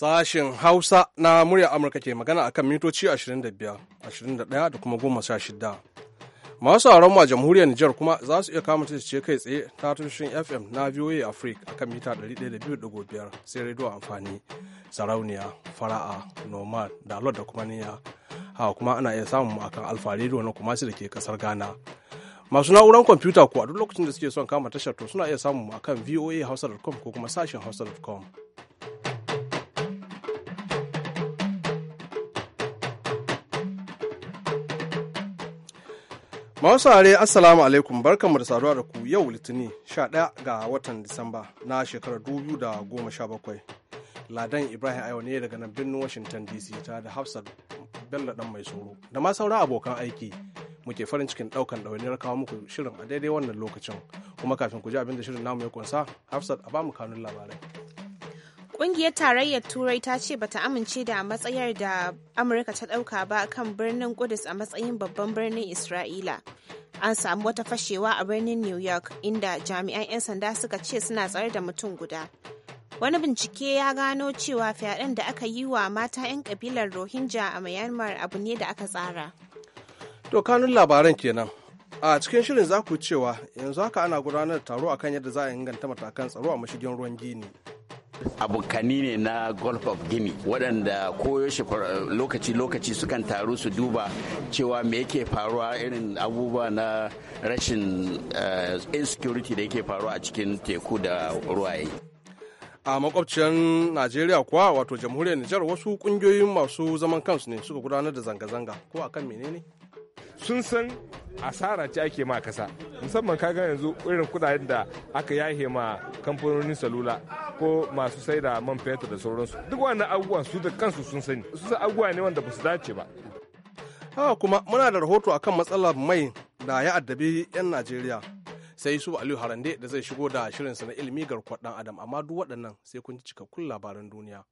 Sashen Hausa na murya Amurka ke magana akan mitoci 25, 21 da kuma goma 16. Masu sauran ma jamhuriyar Nijar kuma za su iya kama ce kai tsaye ta tushen FM na VOA Africa akan mita 102.5 sai rediyo amfani sarauniya, fara'a, nomad, dalot da kuma niyya. Hawa kuma ana iya samun akan alfa rediyo na kuma su da ke kasar Ghana. masu na'urar kwamfuta kuwa duk lokacin da suke son kama tashar to suna iya samu a voa hausa.com ko kuma sashen hausa.com Masu are Assalamu alaikum barkanmu da saduwa da ku yau Litinin 11 ga watan Disamba na shekarar 2017. Ladan Ibrahim Ayo ne daga nan birnin Washington DC ta da Hafsat Bello dan mai tsoro da ma sauran abokan aiki muke farin cikin daukan ɗawainiyar kawo muku shirin a daidai wannan lokacin kuma kafin ku ji abin da shirin namu ya kunsa Hafsat a bamu kanun labarai. Ƙungiyar Tarayyar Turai ta ce bata amince da matsayar da Amurka ta ɗauka ba kan birnin Kudus a matsayin babban birnin Isra'ila. An samu wata fashewa a birnin New York inda jami'an 'yan sanda suka ce suna tsare da mutum guda. Wani bincike ya gano cewa fyaɗen da aka yi wa mata 'yan kabilar Rohingya a Myanmar abu ne da aka tsara. To kanun labaran kenan. a cikin shirin zaku cewa yanzu haka ana gudanar da taro akan yadda za a inganta matakan tsaro a mashigin ruwan gini abokani ne na golf of guinea waɗanda koyaushe lokaci-lokaci sukan taru su duba cewa me yake faruwa irin abubuwa na rashin eh, insecurity da yake faruwa a cikin teku da ruwaye a makwabciyar najeriya kuwa wato jamhuriyar nijar wasu kungiyoyin masu zaman kansu ne suka gudanar da zanga-zanga ko akan menene sun san asara ce ake ma kasa musamman kaga yanzu irin kudaden da aka yahe ma kamfanonin salula ko masu sai da man fetur da sauransu duk wani abubuwan su da kansu sun sani su abubuwa ne wanda ba su dace ba haka kuma muna da rahoto akan matsalar mai da ya addabi 'yan najeriya sai su aliyu harande da zai shigo da shirinsa na ilimi garkuwar dan adam amma duk waɗannan sai kun ci cikakkun labaran duniya.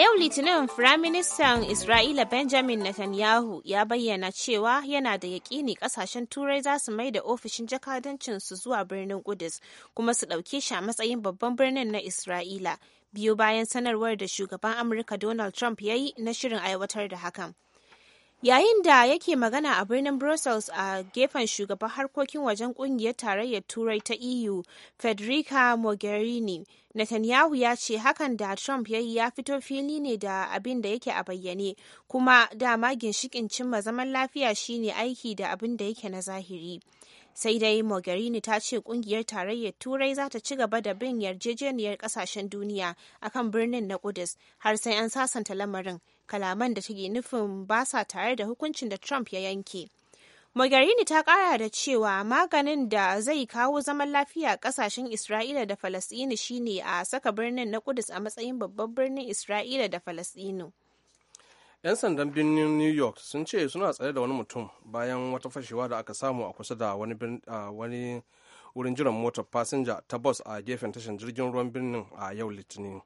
yau Litinin Firaministan Isra'ila Benjamin Netanyahu ya bayyana cewa yana da yaƙini kasashen Turai za su mai da ofishin jakadancinsu zuwa birnin Kudus kuma su ɗauke shi a matsayin babban birnin na Isra'ila biyu bayan sanarwar da shugaban Amurka Donald Trump ya yi na shirin aiwatar da hakan. Yayin da yake magana a birnin Brussels a gefen shugaban harkokin wajen kungiyar tarayyar Turai ta EU, Federica Mogherini, Netanyahu ya ce hakan da Trump ya yi ya fito fili ne da abin da yake a bayyane, kuma dama ginshikin cimma zaman lafiya shine aiki da abin da yake na zahiri. sai dai mogherini ta ce kungiyar tarayyar turai za ta ci gaba da bin yarjejeniyar kasashen duniya akan birnin na kudus har sai an sasanta lamarin kalaman da take nufin ba sa tare da hukuncin da Trump ya yanke. Mogherini ta kara da cewa maganin da zai kawo zaman lafiya kasashen Isra'ila da Falasɗinu shine a saka birnin na Kudus a matsayin babban birnin Isra'ila da Falasɗinu. 'Yan sandan birnin New York sun ce suna tsare da wani mutum bayan wata fashewa da aka samu a kusa da wani wurin jiran motar fasinja ta bus a gefen tashar jirgin ruwan birnin a yau Litinin.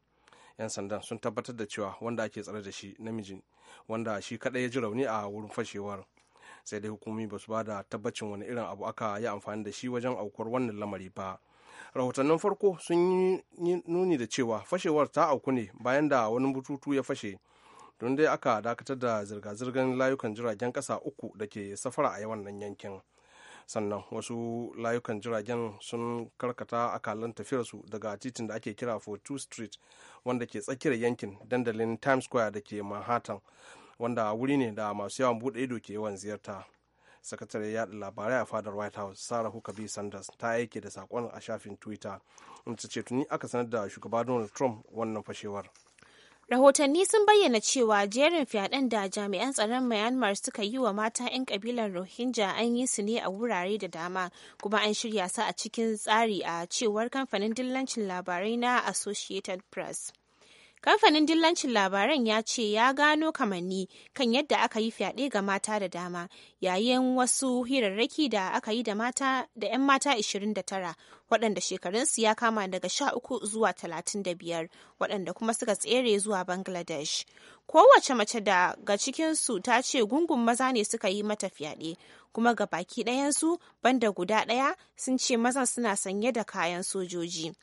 'yan sandan sun tabbatar da cewa wanda ake tsare da shi namijin wanda shi kadai ya ji rauni a wurin fashewar sai dai hukumomi ba su ba da tabbacin wani irin abu aka yi amfani da shi wajen aukuwar wannan lamari ba rahotannin farko sun yi nuni da cewa fashewar ta auku ne bayan da wani bututu ya fashe don dai aka dakatar da zirga-zirgar layukan jiragen kasa uku da ke safara a yawan nan yankin. sannan wasu layukan jiragen sun karkata akalan tafiyarsu daga titin da ake kira 42 street wanda ke tsakiyar yankin dandalin times square da ke manhattan wanda wuri ne da masu yawan bude ido ke yawan ziyarta sakatare yaɗa labarai a fadar white house sarah huckabee sanders ta aike da sakon a shafin twitter inda ce tuni aka sanar da shugaba donald trump wannan fashewar Rahotanni sun bayyana cewa jerin fyaɗen da jami'an tsaron Myanmar suka yi wa mata 'yan kabilar Rohingya an yi su ne a wurare da dama, kuma an shirya su a cikin tsari a cewar kamfanin dillancin labarai na Associated Press. Kamfanin dillancin labaran ya ce ya gano kamanni kan yadda aka yi fyaɗe ga mata da dama yayin wasu hirarraki da aka yi da mata da 'yan mata 29 waɗanda shekarunsu ya kama daga 13 zuwa 35 waɗanda kuma suka tsere zuwa Bangladesh. Kowace mace daga cikinsu ta ce gungun maza ne suka yi mata fyaɗe. kuma ga baki ɗayansu banda guda ɗaya sun ce mazan suna sanye da kayan sojoji.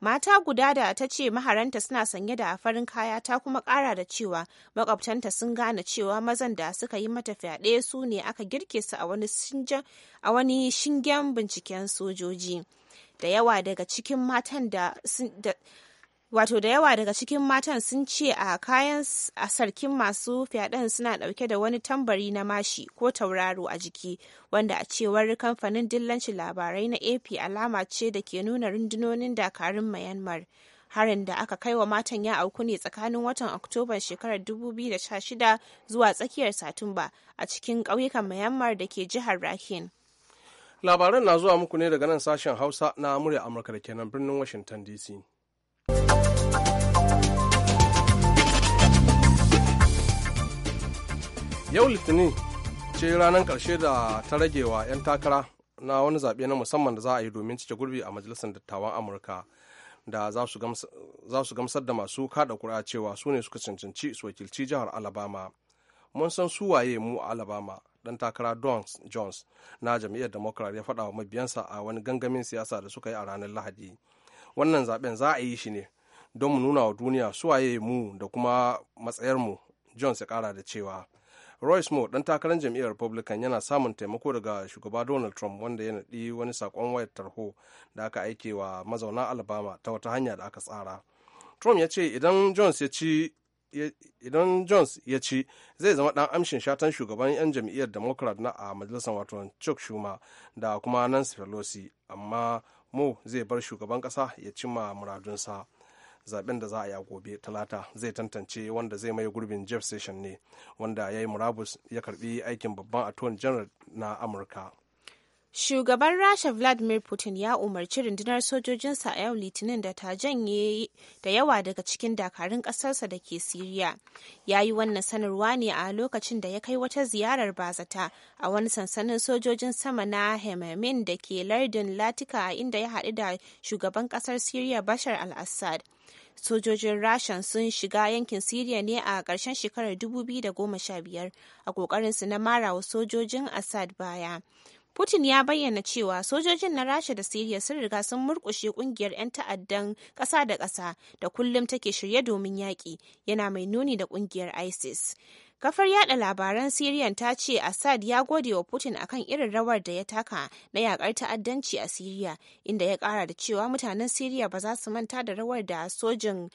Mata guda da ta ce maharanta suna sanye da farin kaya ta kuma kara da cewa makwabtanta sun gane cewa mazan da suka yi mata fyaɗe su ne aka girke su a wani shingen binciken sojoji. da yawa daga cikin matan da wato da yawa daga cikin matan sun ce a kayan a sarkin masu fyaɗen suna ɗauke da wani tambari na mashi ko tauraro a jiki wanda a cewar kamfanin dillancin labarai na ap alama ce da ke nuna rundunonin dakarun myanmar harin da aka kai wa matan ya auku ne tsakanin watan oktoban shekarar 2016 zuwa tsakiyar satumba a cikin ƙauyukan myanmar da ke jihar rakin. labaran na zuwa muku ne daga nan sashen hausa na murya amurka da kenan birnin washinton dc yau litinin ce ranar karshe da ta ragewa 'yan takara na wani zaɓe na musamman da za a yi domin cike gurbi a majalisar dattawan amurka da za su gamsar da masu kada kuri'a cewa su ne suka cancanci su wakilci jihar alabama mun san su waye mu a alabama dan takara don jones na jam'iyyar democrat ya faɗa wa mabiyansa a wani gangamin siyasa da suka yi a ranar lahadi wannan zaɓen za a yi shi ne don mu nuna wa duniya su waye mu da kuma matsayar mu jones ya kara da cewa royce moore dan takarar jam'iyyar republican yana samun taimako daga shugaba donald trump wanda ya naɗi wani saƙon wayar tarho da aka aike wa mazauna alabama ta wata hanya da aka tsara trump ya ce idan jones ya ci zai zama ɗan amshin shatan shugaban 'yan jam'iyyar democrat na a majalisar wato chuck schumer da kuma nancy pelosi amma mo zai bar shugaban ƙasa ya cimma muradunsa zaben da za a ya gobe talata zai tantance wanda zai maye gurbin jeff session ne wanda ya yi murabus ya karbi aikin babban attorney general na amurka Shugaban Rasha Vladimir Putin ya umarci rundunar sojojinsa a yau Litinin da ta janye da yawa daga cikin dakarun ƙasarsa da ke Siriya. Ya yi wannan sanarwa ne a lokacin da ya kai wata ziyarar bazata a wani sansanin sojojin sama na Hemamin da ke lardin Latika inda ya haɗu da shugaban ƙasar Siriya Bashar al-Assad. sojojin rasha sun shiga yankin siriya ne a ƙarshen shekarar 2015 a ƙoƙarinsu na marawa sojojin assad baya Putin ya bayyana cewa sojojin na Rasha da Siriya sun riga sun murƙushe ƙungiyar 'yan ta'addan ƙasa da ƙasa da kullum take shirye domin yaƙi, yana mai nuni da ƙungiyar ISIS. Kafar yada labaran Siriyan ta ce Assad ya gode wa Putin akan irin rawar da ya taka na yakar ta'addanci a syria inda ya kara da cewa mutanen syria ba za su manta da rawar da sojin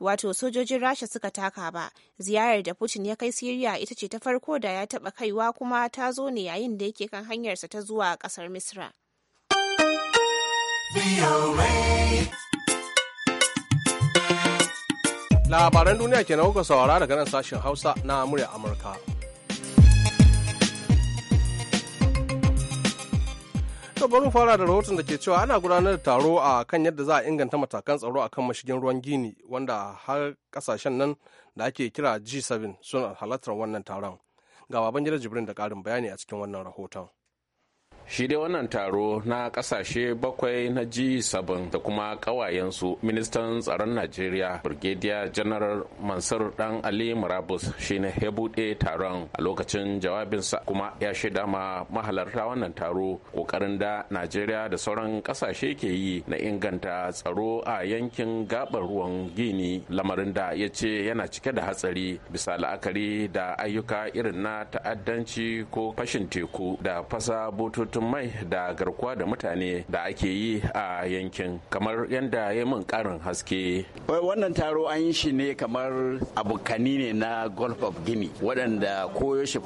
wato sojojin Rasha suka taka ba. Ziyarar da Putin ya kai syria ita ce ta farko da ya taba kaiwa kuma ta zo ne yayin da yake kan hanyarsa ta zuwa kasar Misra. Labaran duniya ke kuka saurara daga nan sashen Hausa na murya Amurka. To bari fara da rahoton da ke cewa ana gudanar da taro a kan yadda za a inganta matakan tsaro a kan mashigin ruwan Gini wanda har kasashen nan da ake kira G7 suna halartar wannan taron. Ga baban gida Jibrin da karin bayani a cikin wannan rahoton. shi dai wannan taro na kasashe bakwai na g7 da kuma kawayensu ministan tsaron najeriya brigadier general mansur dan ali murabus shine ya buɗe taron a lokacin jawabinsa kuma ya shaida ma mahalarta wannan taro kokarin da najeriya da sauran kasashe ke yi na inganta tsaro a yankin gabar ruwan gini lamarin da ya ce yana cike da hatsari bisa la'akari da ayyuka irin na ta'addanci ko fashin teku da fasa bututu batun mai da garkuwa da mutane da ake yi a yankin kamar yadda ya min karin haske wannan taro an yi shi ne kamar abokani ne na golf of guinea waɗanda koyaushe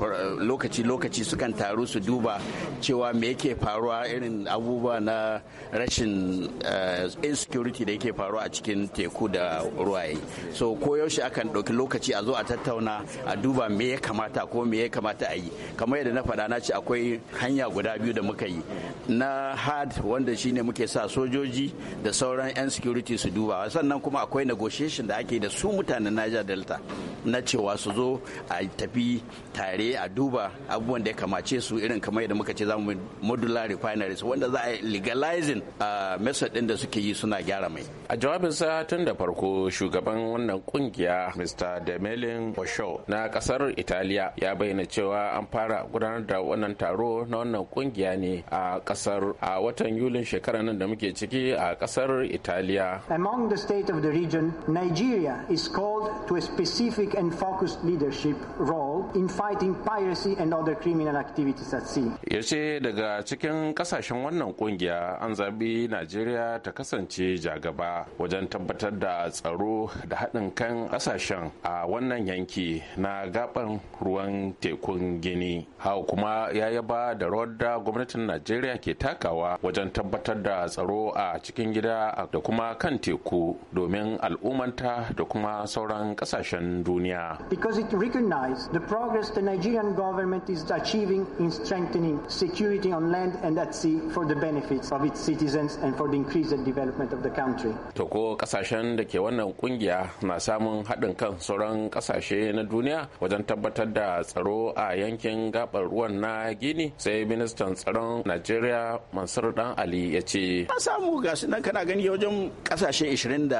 lokaci-lokaci sukan taru su duba cewa me yake faruwa irin abubuwa na rashin eh, insecurity da yake faruwa a cikin teku da ruwaye so koyaushe akan ɗauki lokaci a zo a tattauna a duba me ya kamata ko me ya kamata a yi kamar yadda na faɗa na ce akwai hanya guda biyu da muka yi na hard wanda shine muke sa sojoji da sauran 'yan security su duba sannan kuma akwai negotiation da ake da su mutanen niger delta na cewa su zo a tafi tare a duba abubuwan da ya kamace su irin kamar yadda muka ce za mu modular refineries wanda za a legalizing a method din da suke yi suna gyara mai a jawabin sa tun da farko shugaban wannan kungiya mr demelin osho na kasar italiya ya bayyana cewa an fara gudanar da wannan taro na wannan kungiya tarayya ne a kasar a watan yulin shekarar nan da muke ciki a kasar italiya among the state of the region nigeria is called to a specific and focused leadership role in fighting piracy and other criminal activities at sea yace daga cikin kasashen wannan kungiya an zabi najeriya ta kasance jagaba wajen tabbatar da tsaro da haɗin kan ƙasashen a wannan yanki na gaban ruwan tekun gini Hau kuma ya yaba da rawar da gwamnati gwamnatin najeriya ke takawa wajen tabbatar da tsaro a cikin gida da kuma kan teku domin al'ummanta da kuma sauran kasashen duniya because it recognizes the progress the nigerian government is achieving in strengthening security on land and at sea for the benefits of its citizens and for the increased development of the country to ko kasashen da ke wannan kungiya na samun haɗin kan sauran kasashe na duniya wajen tabbatar da tsaro a yankin gabar ruwan na gini sai ministan tsaron najeriya mansur dan ali ya ce an samu gasu nan kana gani wajen kasashe 22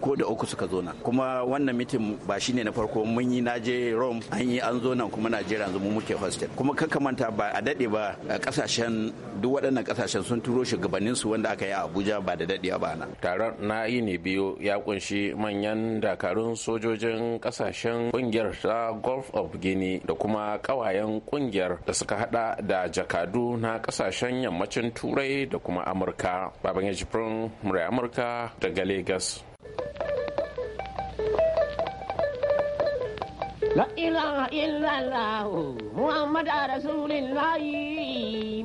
ko da uku suka zo nan kuma wannan mitin ba shine na farko mun yi naje rome an yi an zo nan kuma najeriya yanzu mu muke hostel kuma kakamanta ba a daɗe ba kasashen duk waɗannan kasashen sun turo shugabannin su wanda aka yi a abuja ba da daɗe ba nan taron na yi ne biyu ya kunshi manyan dakarun sojojin kasashen kungiyar ta gulf of guinea da kuma ƙawayen ƙungiyar da suka hada da jakadu na ƙasashen yammacin turai da kuma amurka baban ya jibrin murai amurka daga lagos La ilaha illallah Muhammad Rasulullah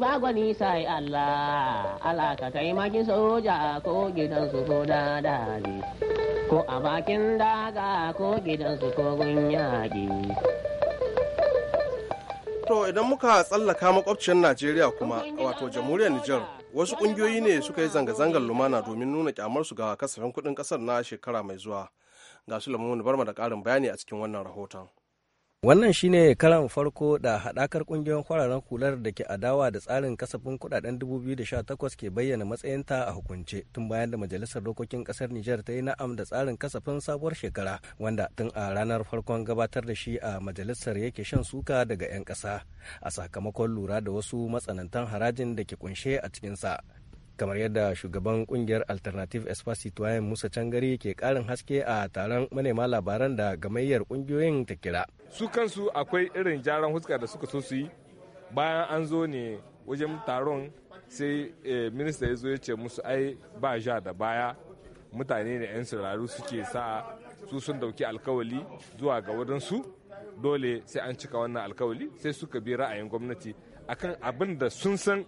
ba gwani sai Allah Allah ka taimaki soja ko gidan su ko dadali ko a bakin daga ko gidan su ko gun To idan muka tsallaka makwabciyar Najeriya kuma wato jamhuriyar Nijar wasu kungiyoyi ne suka yi zanga-zangar lumana domin nuna kyamarsu ga kasafin kuɗin ƙasar na shekara mai zuwa. Ga su lamuni mu da ƙarin bayani a cikin wannan rahoton. Wannan shine karan farko da haɗakar ƙungiyoyin kwararen kular da ke adawa da tsarin kasafin kuɗaɗen 2018 ke bayyana matsayinta a hukunce tun bayan da Majalisar Dokokin Ƙasar Nijar ta yi na'am da tsarin kasafin sabuwar shekara wanda tun a ranar farkon gabatar da shi a majalisar yake shan suka daga 'yan ƙasa a sakamakon lura da wasu matsanantan harajin da ke kunshe a cikinsa. kamar yadda shugaban kungiyar alternative espacitoyen musa cangari ke karin haske a taron manema labaran da gamayyar kungiyoyin ta kira su kansu akwai irin jaran huska da suka so su yi bayan an zo ne wajen taron sai eh, minista ya zo ya ce musu ai ba ja da baya mutane ne 'yan sirraru suke sa su sun dauki alkawali zuwa ga wadansu dole sai an cika wannan alkawali sai suka bi ra'ayin gwamnati akan abin da sun san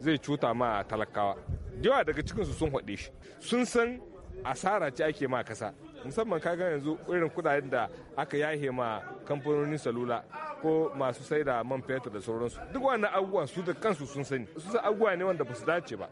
zai cuta ma talakawa yawa daga cikinsu sun haɗe shi sun san asara ce ake ma kasa musamman kaga yanzu irin kudaden da aka yahe ma kamfanonin salula ko masu sai da man fetur da sauransu duk wannan abubuwa su da kansu sun sani su san abubuwa ne wanda ba su dace ba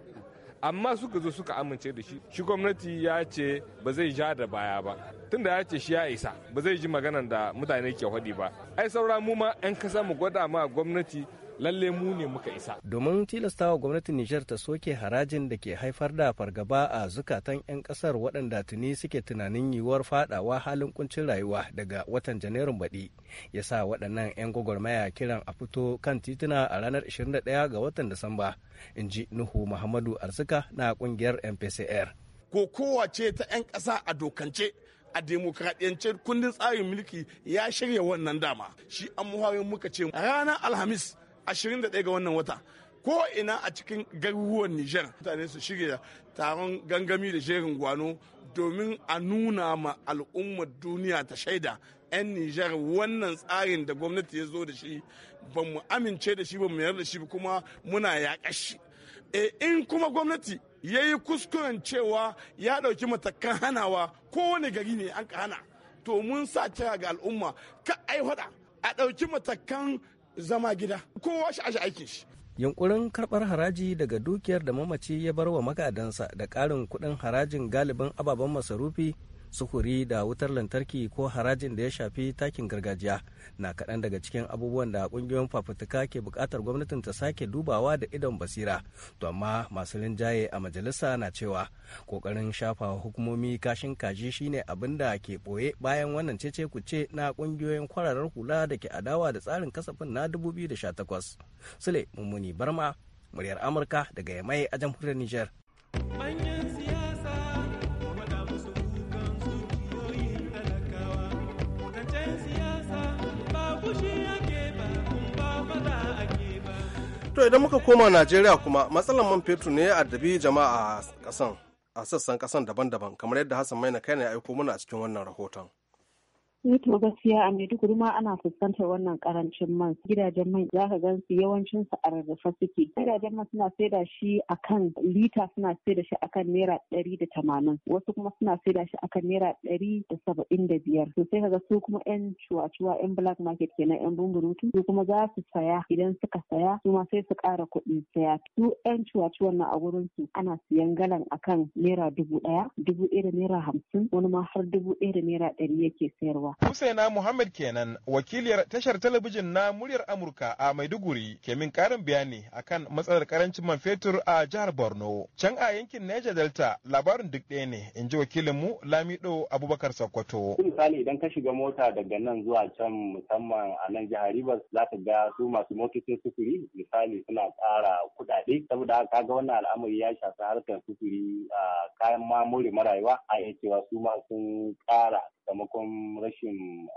amma suka zo suka amince da shi shi gwamnati ya ce ba zai ja da baya ba tunda ya ce shi ya isa ba zai ji maganan da mutane ke hadi ba ai saura mu ma 'yan kasa mu gwada ma gwamnati lalle mu ne muka isa. Domin tilasta wa gwamnatin Nijar ta soke harajin da ke haifar da fargaba a zukatan 'yan kasar waɗanda tuni suke tunanin yiwuwar fadawa halin kuncin rayuwa daga watan Janairun baɗi. Ya sa waɗannan 'yan gwagwarmaya kiran a fito kan tituna a ranar 21 ga watan Disamba, in ji Nuhu Muhammadu Arzika na ƙungiyar MPCR. Ko kowace ta 'yan ƙasa a dokance a demokradiyance kundin tsarin mulki ya shirya wannan dama shi an muhawin muka ce ranar alhamis Ashirin 21 ga wannan wata ko ina a cikin garuruwan Nijar mutane su shirya taron gangami da jerin gwano domin a nuna ma al'ummar duniya ta shaida 'yan Nijar wannan tsarin da gwamnati ya zo da shi ba mu amince da shi ba mu yarda da shi kuma muna yaƙa shi e in kuma gwamnati ya yi kuskuren cewa ya ɗauki matakan hanawa kowane gari ne an ka hana to mun sa kira ga al'umma ka ai a ɗauki matakan zama gida kowa shi aji aikin shi yunkurin karɓar haraji daga dukiyar da mamaci ya bar wa magadansa da ƙarin kuɗin harajin galibin ababen masarufi sufuri da wutar lantarki ko harajin da ya shafi takin gargajiya na kaɗan daga cikin abubuwan da ƙungiyoyin fafutuka ke buƙatar gwamnatin ta sake dubawa da idon basira to amma masu rinjaye a majalisa na cewa ƙoƙarin shafa hukumomi kashin kaji shine abin da ke ɓoye bayan wannan cece kuce na ƙungiyoyin kwararar hula da ke adawa da tsarin kasafin na 2018 sule mummuni barma muryar amurka daga yamai a jamhuriyar niger To idan muka koma Najeriya kuma matsalar man fetur ne a dabi jama'a a sassan kasan daban-daban kamar yadda Hassan Maina kai ne aiko mana a cikin wannan rahoton. Eh to gaskiya a Maiduguri ma ana fuskantar wannan karancin man gidajen man za ka gan su yawancin su a rarrafa suke gidajen man suna saida shi akan lita suna saida shi akan naira ɗari da tamanin wasu kuma suna saida shi akan naira ɗari da saba'in da biyar to sai kaga su kuma yan cuwa-cuwa yan black market ke na yan bumburutu su kuma za su saya idan suka saya su ma sai su ƙara kuɗin saya su yan cuwa-cuwan na a wurin su ana siyan galan akan naira dubu ɗaya dubu ɗaya da naira hamsin wani ma har dubu ɗaya da naira ɗari yake sayarwa Husaina Muhammad kenan wakiliyar tashar talabijin na muryar Amurka a Maiduguri ke min karin bayani akan matsalar karancin man fetur a jihar Borno. Can a yankin Niger Delta labarin duk ɗaya ne in ji wakilinmu Lamido Abubakar Sokoto. Misali idan ka shiga mota daga nan zuwa can musamman a nan jihar Rivers za ka ga su masu motocin sufuri misali suna ƙara kuɗaɗe saboda haka ga wannan al'amari ya shafi harkar sufuri a kayan mamuri marayuwa a iya cewa su ma sun ƙara sakamakon rashin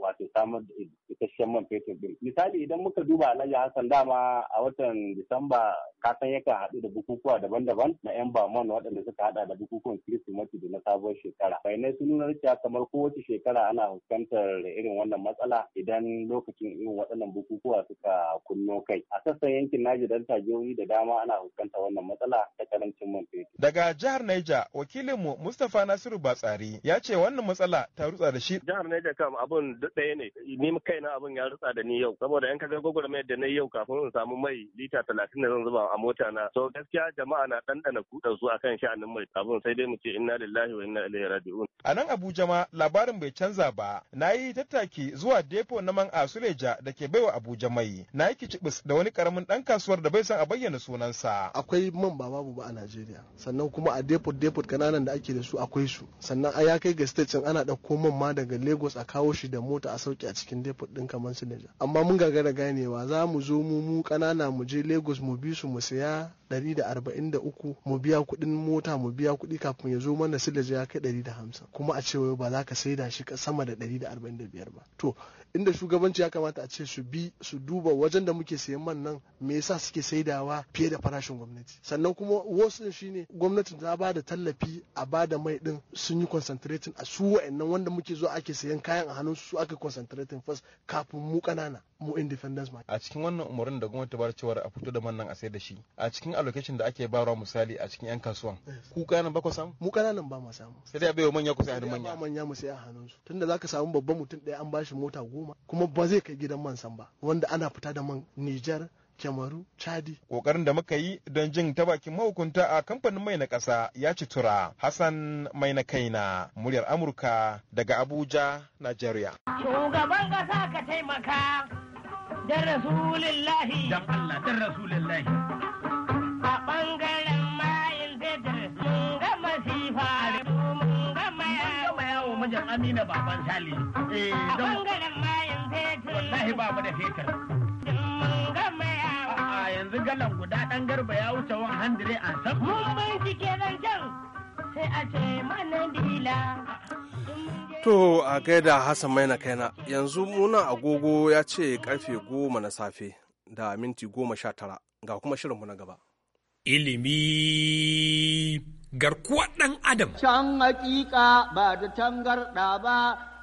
wato samar da isasshen man fetur din. Misali idan muka duba Alhaji Hassan dama a watan Disamba kasan yakan haɗu da bukukuwa daban-daban na 'yan Baman waɗanda suka haɗa da bukukuwan Kirsimeti da na sabuwar shekara. Bayanai sun nuna cewa kamar kowace shekara ana fuskantar irin wannan matsala idan lokacin irin waɗannan bukukuwa suka kunno kai. A sassan yankin Naji Delta jihohi da dama ana fuskantar wannan matsala ta karancin man fetur. Daga jihar Niger, wakilinmu Mustapha Nasiru Batsari ya ce wannan matsala ta rutsa da shi. Jihar Neja kam abun duk ɗaya ne. Ni kai na abun ya rutsa da ni yau. Saboda yan kaga mai da na yau kafin in samu mai lita talatin da zan zuba a mota na. So gaskiya jama'a na ɗanɗana kuɗa su akan sha'anin mai abun sai dai mu ce inna lillahi wa inna ilaihi raji'un. A nan Abuja ma labarin bai canza ba. Na yi tattaki zuwa depo na man Asuleja da ke baiwa Abuja mai. Na yi kicibis da wani karamin ɗan kasuwar da bai san a bayyana sunansa. Akwai man ba babu ba a Najeriya. Sannan kuma a depot depot kananan da ake da su akwai su. Sannan a ya kai ga state ana ɗauko man ma daga lagos a kawo shi da mota a sauke a cikin depot ɗin kamar su Niger amma mun gagara ganewa za mu zo mu mu ƙanana mu je lagos mu bi su mu saya uku mu biya kuɗin mota mu biya kuɗi kafin ya zo mana silaja ya kai ɗari da hamsin kuma a cewa ba za ka saida shi sama da 145 ba to inda shugabanci ya kamata a ce su bi su duba wajen da muke sayan man nan me yasa suke saidawa fiye da farashin gwamnati sannan kuma wasu shine gwamnatin ta ba da tallafi a ba da mai din sun yi concentrating a su wa'annan wanda muke zuwa ake sayan kayan a hannun su aka concentrating first kafin mu kanana mu independence market a cikin wannan umarnin da gwamnati ba cewar a fito da man nan a sayar da shi a cikin allocation da ake bayarwa misali a cikin yan kasuwan ku kanan ba ku samu mu kananan ba mu samu sai dai manya ku sai hannun manya manya mu sai a hannun su tunda zaka samu babban mutum ɗaya an bashi mota goma kuma ba zai kai gidan man san ba wanda ana fita da man Niger kyamaru chadi kokarin da muka yi don jin ta bakin mahukunta a kamfanin mai na ƙasa ya ci tura hassan mai na kai na muryar amurka daga abuja nigeria shugaban ƙasa ka taimaka dan rasulillahi dan Allah dan rasulillahi a bangaren mayin zidar mun ga masifa mun ga mayawo mayawo mijin amina baban sali eh, a bangaren mayin zidar wallahi ba mu da fetur mun ga mayawo yanzu galan guda ɗan garba ya wuce 100 an san mun bincike nan can sai a ce manan dila To a gaida Hassan Maina kaina yanzu muna agogo ya ce karfe goma na safe da minti goma sha tara ga kuma shirinmu na gaba. Ilimi garkuwar ɗan Adam. Can hakika ba da tangarɗa ba,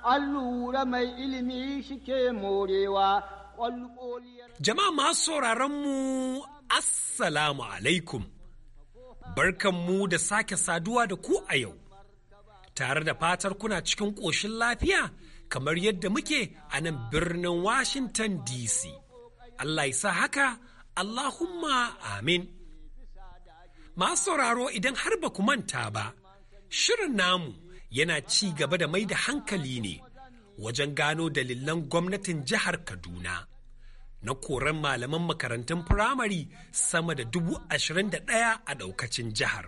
an lura mai ilimi shike morewa. Jama'a masu sauraron mu Assalamu alaikum. Barkan mu da sake saduwa da ku a yau. tare da fatar kuna cikin ƙoshin lafiya kamar yadda muke a nan birnin Washington DC. Allah ya sa haka, Allahumma amin. Masu sauraro idan har ba ku manta ba, shirin namu yana ci gaba da mai da hankali ne wajen gano dalilan gwamnatin jihar Kaduna. Na koran malaman makarantun firamare sama da dubu ashirin da ɗaya a ɗaukacin jihar.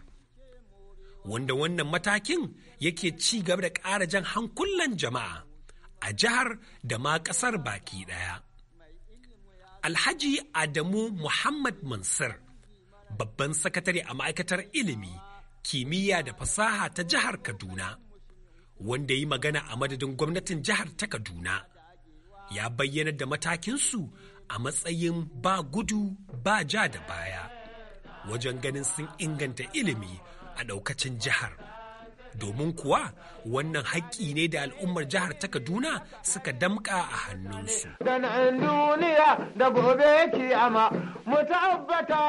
Wanda wannan matakin yake ci gaba da ƙara jan hankulan jama'a a jihar da ma ƙasar baki ɗaya. Alhaji Adamu Muhammad Mansur, babban sakatare a ma'aikatar ilimi, kimiyya da fasaha ta jihar Kaduna, wanda yi magana a madadin gwamnatin jihar ta Kaduna, ya bayyana da matakinsu a matsayin ba gudu ba ja da baya, wajen ganin sun inganta ilimi a ɗaukacin jihar. domin kuwa wannan haƙƙi ne da al'ummar jihar ta Kaduna suka damƙa a hannunsu. duniya da gobe kiyama mu tabbata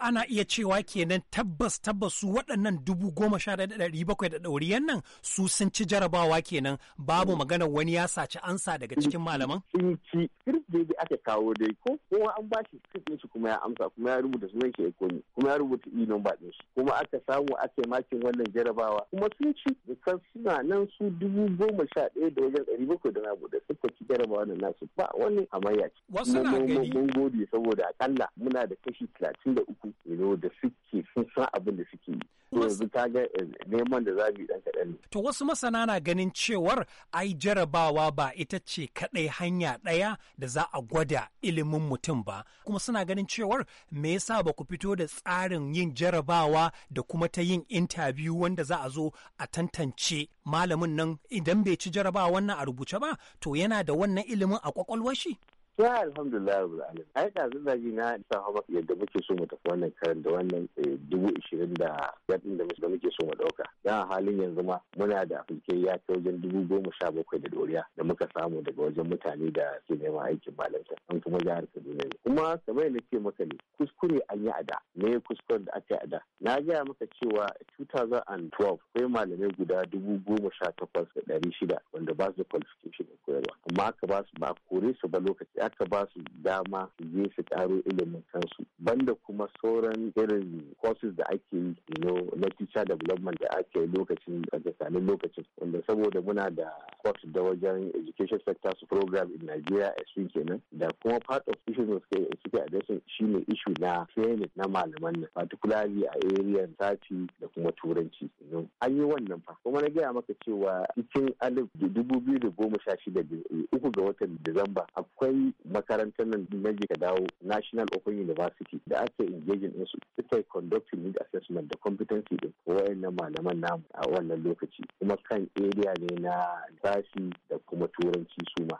Ana iya cewa kenan tabbas tabbas su waɗannan dubu goma sha ɗaya da ɗari bakwai da ɗauriyan nan su sun ci jarabawa kenan babu magana wani ya saci ansa daga cikin malaman. Sun ci kirje da aka kawo dai ko kowa an ba shi kuma ya amsa kuma ya rubuta sunan shi ya kuma ya rubuta ilon baɗin shi kuma aka samu aka makin wannan jarabawa kuma sun ci da suna nan su dubu goma sha ɗaya da wajen ɗari bakwai da rabu da suka ci jarabawa na nasu ba wani amayya ce. Wasu na gani. Mun gode saboda akalla muna da kashi talatin da uku da suke sun san abin da suke yi. To yanzu ta ga eh, neman da zabi ɗan kaɗan ne. To wasu masana na ganin cewar ai jarabawa ba ita ce kaɗai hanya ɗaya da za a gwada ilimin mutum ba kuma suna ganin cewar me yasa ba ku fito da tsarin yin jarabawa da kuma ta yin interview wanda za a zo a tantance malamin nan idan bai ci jaraba wannan a rubuce ba to yana da wannan ilimin a kwakwalwar shi ya alhamdulillah rabu alamin ai ɗazu zagi na sa hawa yadda muke so mu tafi wannan karin da wannan eh, dubu ishirin da yadda da muke so mu ɗauka dan halin yanzu ma muna da afikai ya kai wajen dubu goma sha bakwai da doriya da muka samu daga wajen mutane da ke neman aikin malamta an kuma jihar kaduna ne kuma kamar yadda ce maka ne kuskure an yi a da me kuskuren da aka yi a da na gaya maka cewa 2012 akwai malamai guda dubu goma sha takwas da ɗari shida wanda ba su da kwalifikashin koyarwa amma aka ba su ba kore su ba lokaci aka ba su dama su je su karo ilimin kansu banda kuma sauran irin courses da ake yi na teacher development da ake lokacin a tsakanin lokacin wanda saboda muna da course da wajen education sector su program in Nigeria SU kenan da kuma part of issues da suke suke addressing shine issue na training na malaman nan particularly a area sati da kuma turanci an yi wannan fa kuma na gaya maka cewa cikin alif dubu biyu da goma sha shida uku ga watan Disamba akwai makarantar nan nage ka dawo National Open University da ake engaging din su suka conducting need assessment da competency din na malaman namu a wannan lokaci kuma kan area ne na zafi da kuma turanci suma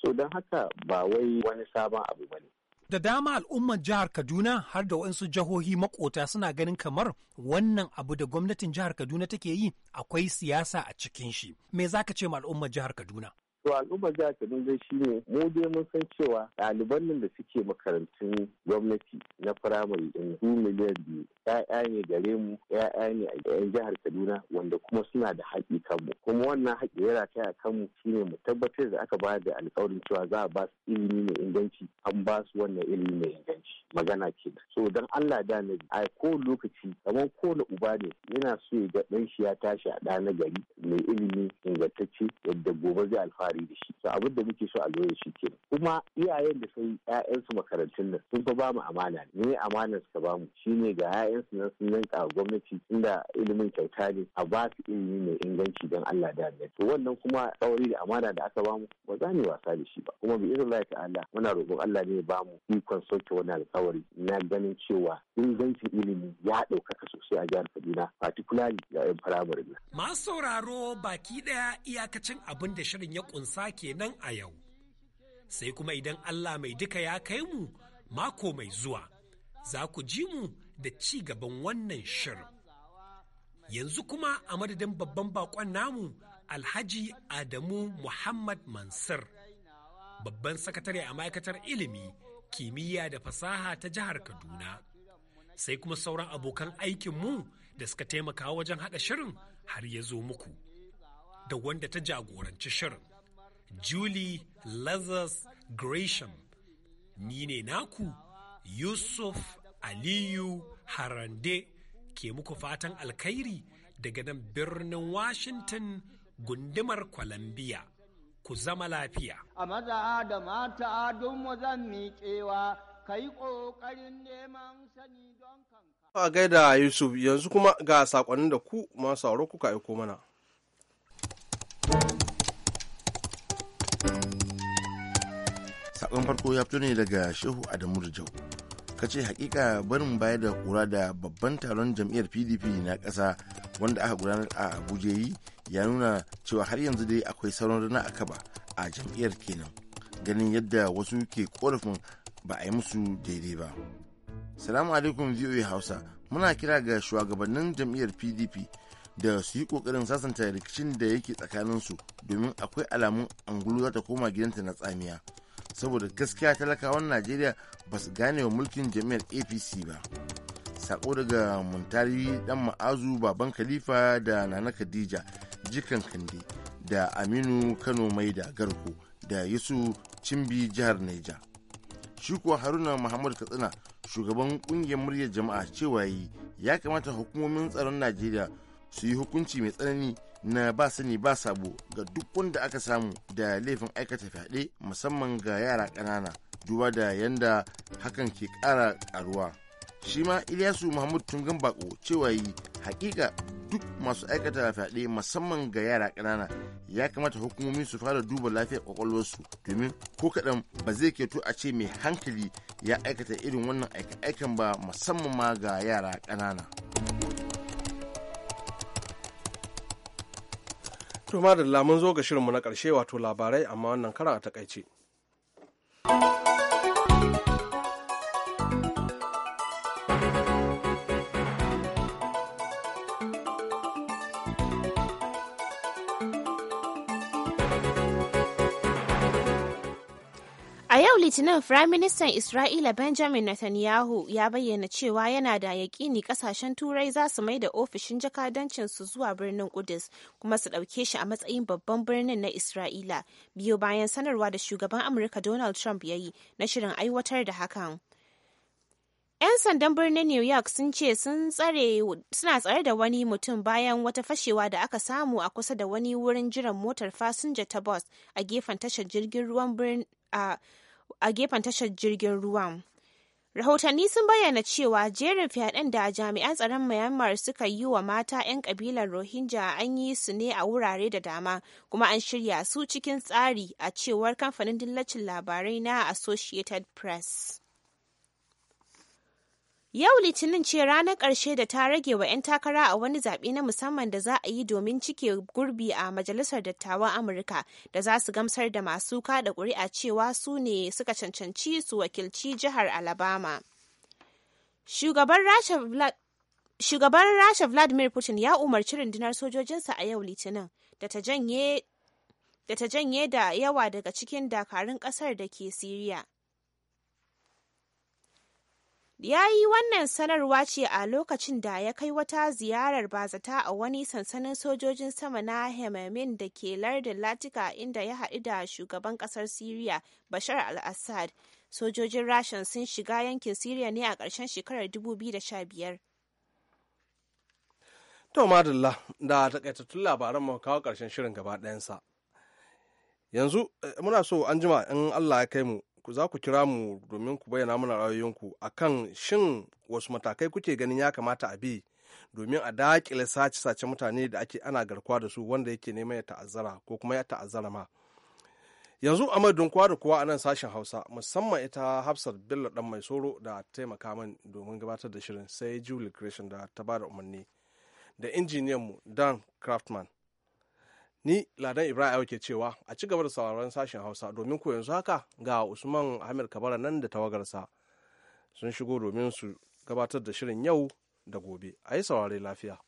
so don haka ba wai wani sabon abu bane da dama al'ummar jihar Kaduna har da waɗansu jihohi makota suna ganin kamar wannan abu da gwamnatin jihar Kaduna take yi akwai siyasa a cikin shi. Me za ka ce ma al'ummar jihar Kaduna? to al'ummar jihar kaduna shine mu dai mun san cewa ɗaliban nan da suke makarantun gwamnati na firamare yanzu miliyan biyu ya'ya ne gare mu ya'ya ne a yan jihar kaduna wanda kuma suna da haƙi kanmu kuma wannan haƙi yana kai a kanmu shine mu tabbatar da aka ba da alƙawarin cewa za a ba su ilimi mai inganci an ba su wannan ilimi mai inganci magana ce so dan Allah da na a ko lokaci kamar na uba ne yana so ya ga ɗan shi ya tashi a ɗa na gari mai ilimi ingantacce yadda gobe zai alfahari amfani da shi to abin da muke so a lura shi ke kuma iyayen da sai ƴaƴansu makarantun nan sun fa ba amana ne amanar suka bamu mu shine ga ƴaƴansu nan sun yanka gwamnati inda ilimin kyauta ne a ba su ilimi mai inganci don Allah da Allah to wannan kuma tsauri da amana da aka bamu mu ba za mu wasa da shi ba kuma bi irin Allah muna roƙon Allah ne ya ba ikon sauke wannan alƙawari na ganin cewa ingancin ilimi ya ɗaukaka sosai a jihar Kaduna particularly ga 'yan firamare. Masu sauraro baki ɗaya iyakacin abin da shirin ya ƙunsa Sake nan a yau. Sai kuma idan Allah mai duka ya kai mu mako mai zuwa, za ku ji mu da ci gaban wannan shirin. Yanzu kuma a madadin babban bakon namu Alhaji Adamu Muhammad Mansur, babban sakatare a ma'aikatar ilimi, kimiyya da fasaha ta jihar Kaduna. Sai kuma sauran abokan aikinmu da suka taimaka wajen haɗa shirin har ya zo muku, da wanda ta jagoranci shirin. Julie Lazarus Gresham. Ni ne naku Yusuf Aliyu Harande ke muku fatan alkhairi daga nan birnin Washington gundumar Columbia. Ku zama lafiya. A maza da mata don mu zan miƙewa, ka yi ƙoƙarin neman sani don kanka. a gaida Yusuf yanzu kuma ga saƙonni da ku masu sauro kuka aiko mana. sakon farko ya fito ne daga shehu adamu jau ka ce hakika barin baya da kura da babban taron jam'iyyar pdp na ƙasa wanda aka gudanar a abuja yi ya nuna cewa har yanzu dai akwai sauran rana a kaba a jam'iyyar kenan ganin yadda wasu ke korafin ba a yi musu daidai ba salamu alaikum voa hausa muna kira ga shugabannin jam'iyyar pdp da su yi kokarin sasanta rikicin da yake tsakaninsu domin akwai alamun angulu za ta koma gidanta na tsamiya saboda gaskiya talakawan najeriya ba su gane wa mulkin jami'ar apc ba sako daga muntari dan ma'azu baban khalifa da nana khadija jikan kande da aminu kano maida garko da yusu cimbi jihar naija shi kuwa haruna muhammad katsina shugaban kungiyar muryar jama'a cewa yi ya kamata hukumomin tsaron najeriya su yi hukunci mai tsanani na ba sani ba sabo ga duk wanda aka samu da laifin aikata fyaɗe musamman ga yara ƙanana duba da yanda hakan ke ƙara ƙaruwa shi ma ilyasu muhammad tungan bako cewa yi hakika duk masu aikata fyaɗe musamman ga yara ƙanana ya kamata hukumomi su fara duba lafiyar kwakwalwarsu domin ko kaɗan ba zai keto a ce mai hankali ya aikata irin wannan aika-aikan ba musamman ma ga yara ƙanana. Tuma da lamun zo ga shirinmu na ƙarshe wato labarai amma wannan kara a takaice. Litinin Firaministan Isra'ila Benjamin Netanyahu ya bayyana cewa yana da yaƙini ƙasashen Turai za su mai da ofishin jakadancinsu zuwa birnin Kudus kuma su ɗauke shi a matsayin babban birnin na Isra'ila biyo bayan sanarwa da shugaban Amurka Donald Trump ya yi na shirin aiwatar da hakan. 'Yan sandan birnin New York sun ce suna tsare da wani mutum bayan wata fashewa da aka samu a kusa da wani wurin jiran motar fasinja ta bus a gefen tashar jirgin ruwan birnin. a a gefen tashar jirgin ruwan. Rahotanni sun bayyana cewa jerin fyaɗen da jami'an tsaron Myanmar suka yi wa mata 'yan ƙabilar Rohingya an yi su ne a wurare da dama, kuma an shirya su cikin tsari a cewar kamfanin dillacin labarai na Associated Press. Yau Litinin ce ranar ƙarshe da ta rage wa 'yan takara a wani zaɓe na musamman da za a yi domin cike gurbi a Majalisar Dattawan Amurka da za su gamsar da masu kaɗa ƙuri'a cewa su ne suka cancanci su wakilci jihar Alabama. Shugaban Rasha Shugaban Rasha Vladimir Putin ya umarci rundunar sojojinsa a yau Litinin da ta janye da yawa daga cikin dakarun ƙasar da ke Siriya. ya yi wannan sanarwa ce a lokacin da ya kai wata ziyarar bazata a wani sansanin sojojin sama na hemamin da ke lardin latika inda ya haɗu da shugaban ƙasar syria bashar al-assad sojojin rashin sun shiga yankin syria ne a ƙarshen shekarar 2015 to madalla da takaitattun labaran mu kawo ƙarshen shirin gaba ɗayansa yanzu eh, muna so an jima in allah ya kai mu za ku kira mu domin ku bayyana mana ra'ayoyinku a kan shin wasu matakai kuke ganin ya kamata a bi domin a daƙile sace-sace mutane da ake ana garkuwa da su wanda yake neman ya ta'azzara ko kuma ya ta'azzara ma yanzu a madadin kowa da kowa a nan sashen hausa musamman ita hafsat bello dan mai soro da taimaka min domin gabatar da shirin sai julie creation da ta bada umarni da injiniyanmu dan craftman Ni Ladan Ibrahim ke cewa a ci gaba da sauraron sashen Hausa domin ko yanzu haka ga Usman Ahmed Kabara nan da tawagarsa sun shigo domin su gabatar da shirin yau da gobe. A yi saurare lafiya.